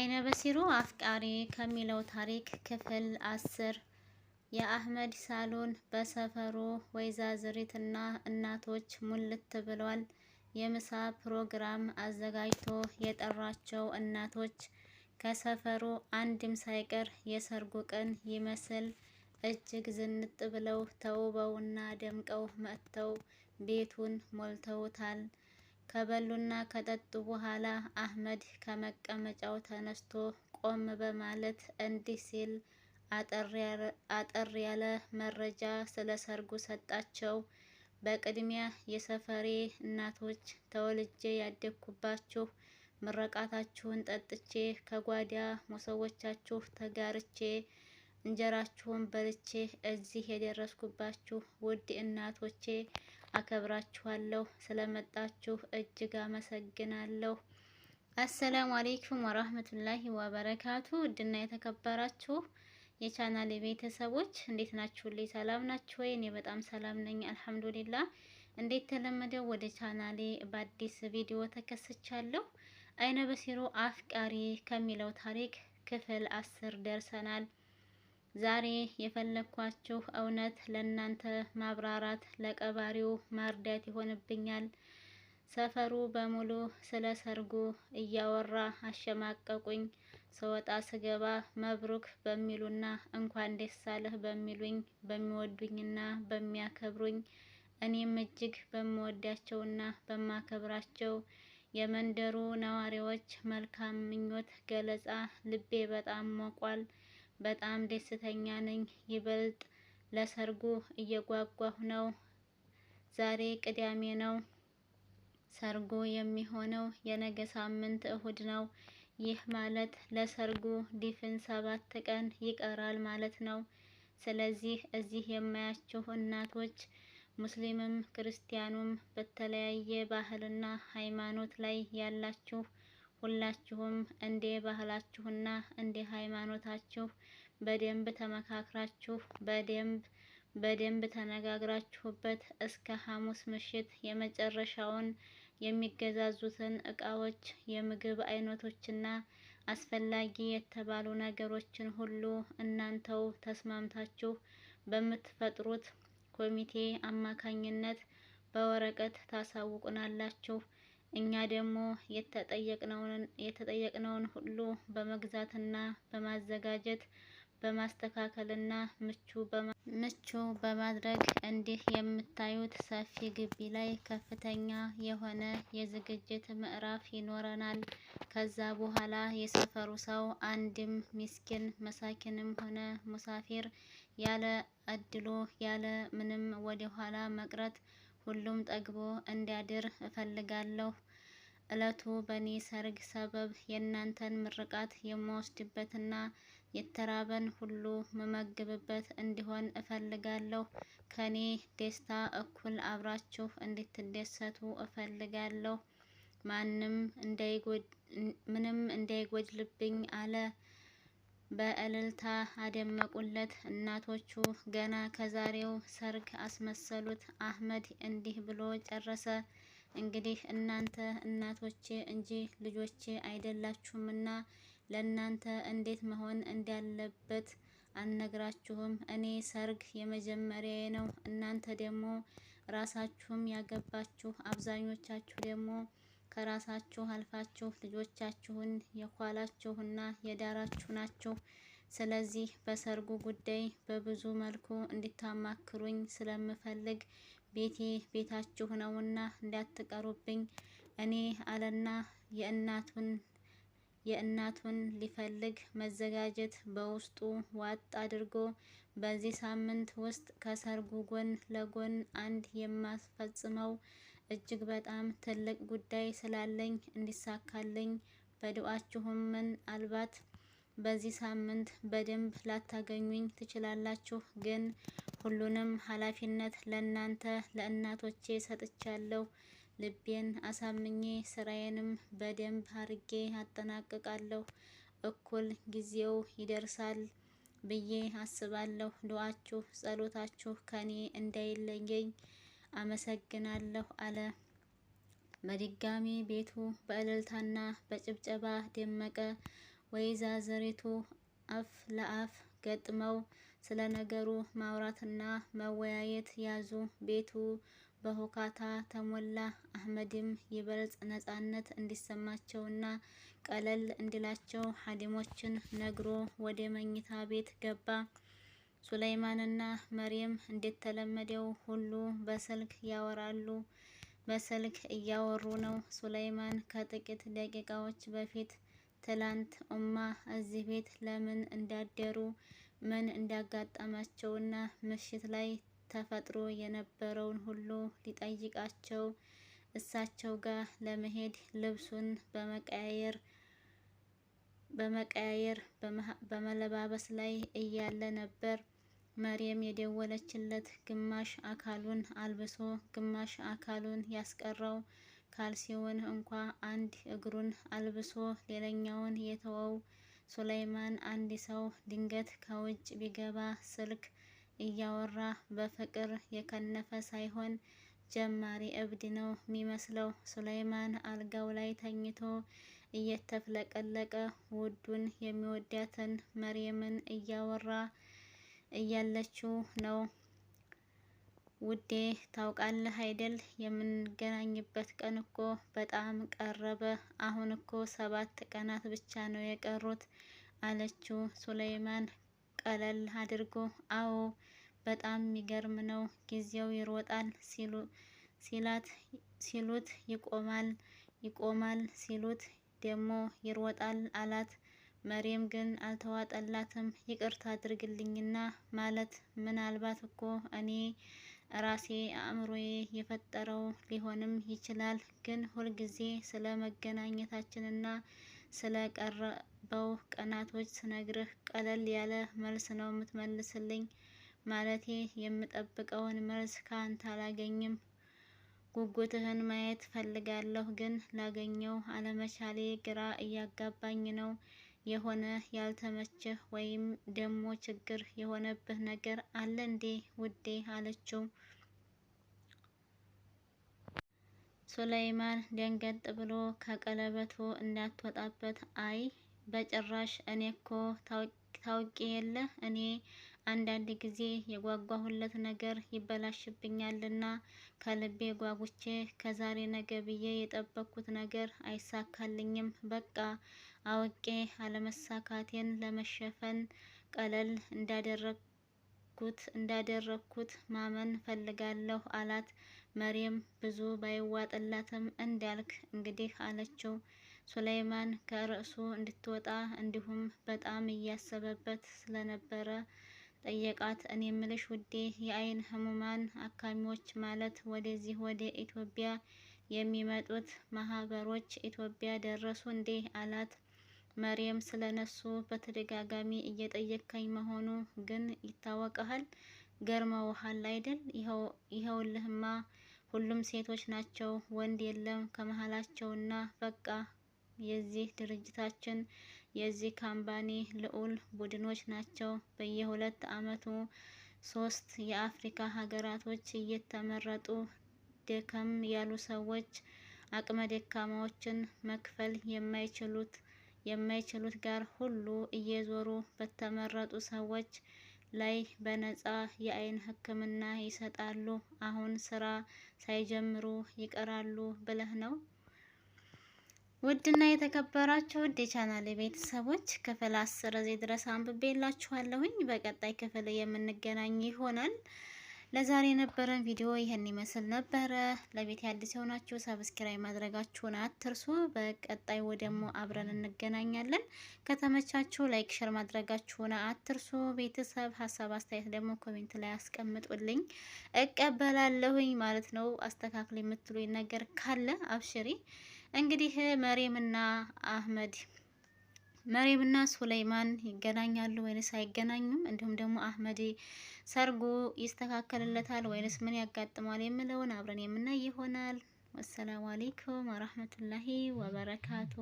አይነ በሲሩ አፍቃሪ ከሚለው ታሪክ ክፍል አስር የአህመድ ሳሎን በሰፈሩ ወይዛዝሪትና እናቶች ሙልት ብሏል። የምሳ ፕሮግራም አዘጋጅቶ የጠራቸው እናቶች ከሰፈሩ አንድም ሳይቀር የሰርጉ ቀን ይመስል እጅግ ዝንጥ ብለው ተውበውና ደምቀው መጥተው ቤቱን ሞልተውታል። ከበሉና ከጠጡ በኋላ አህመድ ከመቀመጫው ተነስቶ ቆም በማለት እንዲህ ሲል አጠር ያለ መረጃ ስለ ሰርጉ ሰጣቸው። በቅድሚያ የሰፈሬ እናቶች ተወልጄ ያደግኩባችሁ፣ ምረቃታችሁን ጠጥቼ ከጓዳ ሞሰቦቻችሁ ተጋርቼ እንጀራችሁን በልቼ እዚህ የደረስኩባችሁ ውድ እናቶቼ አከብራችኋለሁ። ስለመጣችሁ እጅግ አመሰግናለሁ። አሰላሙ አሌይኩም ወራህመቱላሂ ወበረካቱ። ውድና የተከበራችሁ የቻናል ቤተሰቦች እንዴት ልይ ሰላም ናችሁ ወይ? እኔ በጣም ሰላም ነኝ አልሐምዱሊላ። እንዴት ተለመደው ወደ ቻናሌ በአዲስ ቪዲዮ ተከስቻለሁ። አይነ በሲሮ አፍቃሪ ከሚለው ታሪክ ክፍል አስር ደርሰናል። ዛሬ የፈለኳችሁ እውነት ለእናንተ ማብራራት ለቀባሪው ማርዳት ይሆንብኛል። ሰፈሩ በሙሉ ስለ ሰርጉ እያወራ አሸማቀቁኝ። ስወጣ ስገባ መብሩክ በሚሉና እንኳን ደስ አለህ በሚሉኝ በሚወዱኝና በሚያከብሩኝ እኔም እጅግ በምወዳቸውና በማከብራቸው የመንደሩ ነዋሪዎች መልካም ምኞት ገለጻ ልቤ በጣም ሞቋል። በጣም ደስተኛ ነኝ። ይበልጥ ለሰርጉ እየጓጓሁ ነው። ዛሬ ቅዳሜ ነው። ሰርጉ የሚሆነው የነገ ሳምንት እሁድ ነው። ይህ ማለት ለሰርጉ ዲፍን ሰባት ቀን ይቀራል ማለት ነው። ስለዚህ እዚህ የማያችሁ እናቶች ሙስሊምም ክርስቲያኑም በተለያየ ባህልና ሃይማኖት ላይ ያላችሁ ሁላችሁም እንደ ባህላችሁና እንደ ሃይማኖታችሁ በደንብ ተመካክራችሁ በደንብ በደንብ ተነጋግራችሁበት እስከ ሐሙስ ምሽት የመጨረሻውን የሚገዛዙትን እቃዎች፣ የምግብ አይነቶችና አስፈላጊ የተባሉ ነገሮችን ሁሉ እናንተው ተስማምታችሁ በምትፈጥሩት ኮሚቴ አማካኝነት በወረቀት ታሳውቁናላችሁ። እኛ ደግሞ የተጠየቅነውን ሁሉ በመግዛትና በማዘጋጀት በማስተካከልና ምቹ በማድረግ እንዲህ የምታዩት ሰፊ ግቢ ላይ ከፍተኛ የሆነ የዝግጅት ምዕራፍ ይኖረናል። ከዛ በኋላ የሰፈሩ ሰው አንድም ሚስኪን መሳኪንም ሆነ ሙሳፊር ያለ አድሎ ያለ ምንም ወደ ኋላ መቅረት ሁሉም ጠግቦ እንዲያድር እፈልጋለሁ። እለቱ በእኔ ሰርግ ሰበብ የእናንተን ምርቃት የማወስድበትና የተራበን ሁሉ መመግብበት እንዲሆን እፈልጋለሁ። ከኔ ደስታ እኩል አብራችሁ እንድትደሰቱ እፈልጋለሁ። ማንም ምንም እንዳይጎድልብኝ አለ በእልልታ አደመቁለት። እናቶቹ ገና ከዛሬው ሰርግ አስመሰሉት። አህመድ እንዲህ ብሎ ጨረሰ። እንግዲህ እናንተ እናቶቼ እንጂ ልጆቼ አይደላችሁምና ለእናንተ እንዴት መሆን እንዳለበት አልነግራችሁም። እኔ ሰርግ የመጀመሪያዬ ነው። እናንተ ደግሞ ራሳችሁም ያገባችሁ አብዛኞቻችሁ ደግሞ ከራሳችሁ አልፋችሁ ልጆቻችሁን ና የዳራችሁ ናችሁ። ስለዚህ በሰርጉ ጉዳይ በብዙ መልኩ እንድታማክሩኝ ስለምፈልግ ቤቴ ቤታችሁ ነውና እንዳትቀሩብኝ። እኔ አለና የእናቱን የእናቱን ሊፈልግ መዘጋጀት በውስጡ ዋጥ አድርጎ በዚህ ሳምንት ውስጥ ከሰርጉ ጎን ለጎን አንድ የማስፈጽመው እጅግ በጣም ትልቅ ጉዳይ ስላለኝ እንዲሳካልኝ በዱአችሁም ምናልባት በዚህ ሳምንት በደንብ ላታገኙኝ ትችላላችሁ፣ ግን ሁሉንም ኃላፊነት ለእናንተ ለእናቶቼ ሰጥቻለሁ። ልቤን አሳምኜ ስራዬንም በደንብ አርጌ አጠናቅቃለሁ። እኩል ጊዜው ይደርሳል ብዬ አስባለሁ። ዱአችሁ ጸሎታችሁ ከኔ እንዳይለየኝ አመሰግናለሁ አለ። በድጋሚ ቤቱ በእልልታና በጭብጨባ ደመቀ። ወይዛዘሪቱ አፍ ለአፍ ገጥመው ስለ ነገሩ ማውራትና መወያየት ያዙ። ቤቱ በሆካታ ተሞላ። አህመድም ይበልጥ ነጻነት እንዲሰማቸውና ቀለል እንዲላቸው ሀዲሞችን ነግሮ ወደ መኝታ ቤት ገባ። ሱለይማንና መርየም እንደተለመደው ሁሉ በስልክ ያወራሉ። በስልክ እያወሩ ነው። ሱለይማን ከጥቂት ደቂቃዎች በፊት ትላንት ኡማ እዚህ ቤት ለምን እንዳደሩ ምን እንዳጋጠማቸውና ምሽት ላይ ተፈጥሮ የነበረውን ሁሉ ሊጠይቃቸው እሳቸው ጋር ለመሄድ ልብሱን በመቀያየር በመቀያየር በመለባበስ ላይ እያለ ነበር መሪየም የደወለችለት። ግማሽ አካሉን አልብሶ ግማሽ አካሉን ያስቀረው ካልሲውን እንኳ አንድ እግሩን አልብሶ ሌላኛውን የተወው ሱለይማን አንድ ሰው ድንገት ከውጭ ቢገባ ስልክ እያወራ በፍቅር የከነፈ ሳይሆን ጀማሪ እብድ ነው የሚመስለው። ሱለይማን አልጋው ላይ ተኝቶ እየተፍለቀለቀ ውዱን የሚወዳትን መርየምን እያወራ እያለችው ነው። ውዴ ታውቃለህ አይደል የምንገናኝበት ቀን እኮ በጣም ቀረበ። አሁን እኮ ሰባት ቀናት ብቻ ነው የቀሩት አለችው። ሱለይማን ቀለል አድርጎ አዎ በጣም የሚገርም ነው ጊዜው ይሮጣል ሲሉ ሲላት ሲሉት ይቆማል ይቆማል ሲሉት ደግሞ ይሮጣል አላት። መሪም ግን አልተዋጠላትም። ይቅርታ አድርግልኝና ማለት ምናልባት እኮ እኔ ራሴ አእምሮዬ የፈጠረው ሊሆንም ይችላል። ግን ሁልጊዜ ስለ መገናኘታችንና ስለ ቀረበው ቀናቶች ስነግርህ ቀለል ያለ መልስ ነው የምትመልስልኝ። ማለቴ የምጠብቀውን መልስ ከአንተ አላገኝም። ጉጉትህን ማየት ፈልጋለሁ ግን ላገኘው አለመቻሌ ግራ እያጋባኝ ነው። የሆነ ያልተመቸህ ወይም ደግሞ ችግር የሆነብህ ነገር አለ እንዴ ውዴ? አለችው። ሱለይማን ደንገጥ ብሎ ከቀለበቱ እንዳትወጣበት አይ በጭራሽ እኔ እኮ ታውቂ የለ እኔ አንዳንድ ጊዜ የጓጓሁለት ነገር ይበላሽብኛልና ከልቤ ጓጉቼ ከዛሬ ነገ ብዬ የጠበቅኩት ነገር አይሳካልኝም። በቃ አውቄ አለመሳካቴን ለመሸፈን ቀለል እንዳደረግኩት እንዳደረግኩት ማመን ፈልጋለሁ አላት። መሪም ብዙ ባይዋጥላትም እንዳልክ እንግዲህ አለችው። ሱለይማን ከርዕሱ እንድትወጣ እንዲሁም በጣም እያሰበበት ስለነበረ ጠየቃት። እኔ ምልሽ ውዴ የአይን ህሙማን አካሚዎች ማለት ወደዚህ ወደ ኢትዮጵያ የሚመጡት ማህበሮች ኢትዮጵያ ደረሱ እንዴ አላት። መሪየም ስለነሱ በተደጋጋሚ እየጠየቅከኝ መሆኑ ግን ይታወቀሃል። ገርመውሃል አይደል? ይኸውልህማ ሁሉም ሴቶች ናቸው፣ ወንድ የለም ከመሀላቸውና በቃ የዚህ ድርጅታችን የዚህ ካምፓኒ ልዑል ቡድኖች ናቸው። በየሁለት ዓመቱ ሶስት የአፍሪካ ሀገራቶች እየተመረጡ ደከም ያሉ ሰዎች አቅመ ደካማዎችን መክፈል የማይችሉት የማይችሉት ጋር ሁሉ እየዞሩ በተመረጡ ሰዎች ላይ በነጻ የአይን ሕክምና ይሰጣሉ። አሁን ስራ ሳይጀምሩ ይቀራሉ ብለህ ነው? ውድና የተከበራችሁ ውድ የቻናል ቤተሰቦች ክፍል አስር እዚህ ድረስ አንብቤላችኋለሁኝ። በቀጣይ ክፍል የምንገናኝ ይሆናል። ለዛሬ የነበረን ቪዲዮ ይህን ይመስል ነበረ። ለቤት አዲስ የሆናችሁ ሰብስክራይብ ማድረጋችሁን አትርሱ። በቀጣይ ወደሞ አብረን እንገናኛለን። ከተመቻችሁ ላይክ፣ ሸር ማድረጋችሁን አትርሱ። ቤተሰብ ሀሳብ አስተያየት ደግሞ ኮሜንት ላይ አስቀምጡልኝ፣ እቀበላለሁኝ ማለት ነው። አስተካክል የምትሉኝ ነገር ካለ አብሽሪ እንግዲህ መሬምና አህመድ መሬምና ሱለይማን ይገናኛሉ ወይንስ አይገናኙም? እንዲሁም ደግሞ አህመድ ሰርጉ ይስተካከልለታል ወይንስ ምን ያጋጥማል የሚለውን አብረን የምናይ ይሆናል። ወሰላሙ አሌይኩም ወረህመቱላሂ ወበረካቱ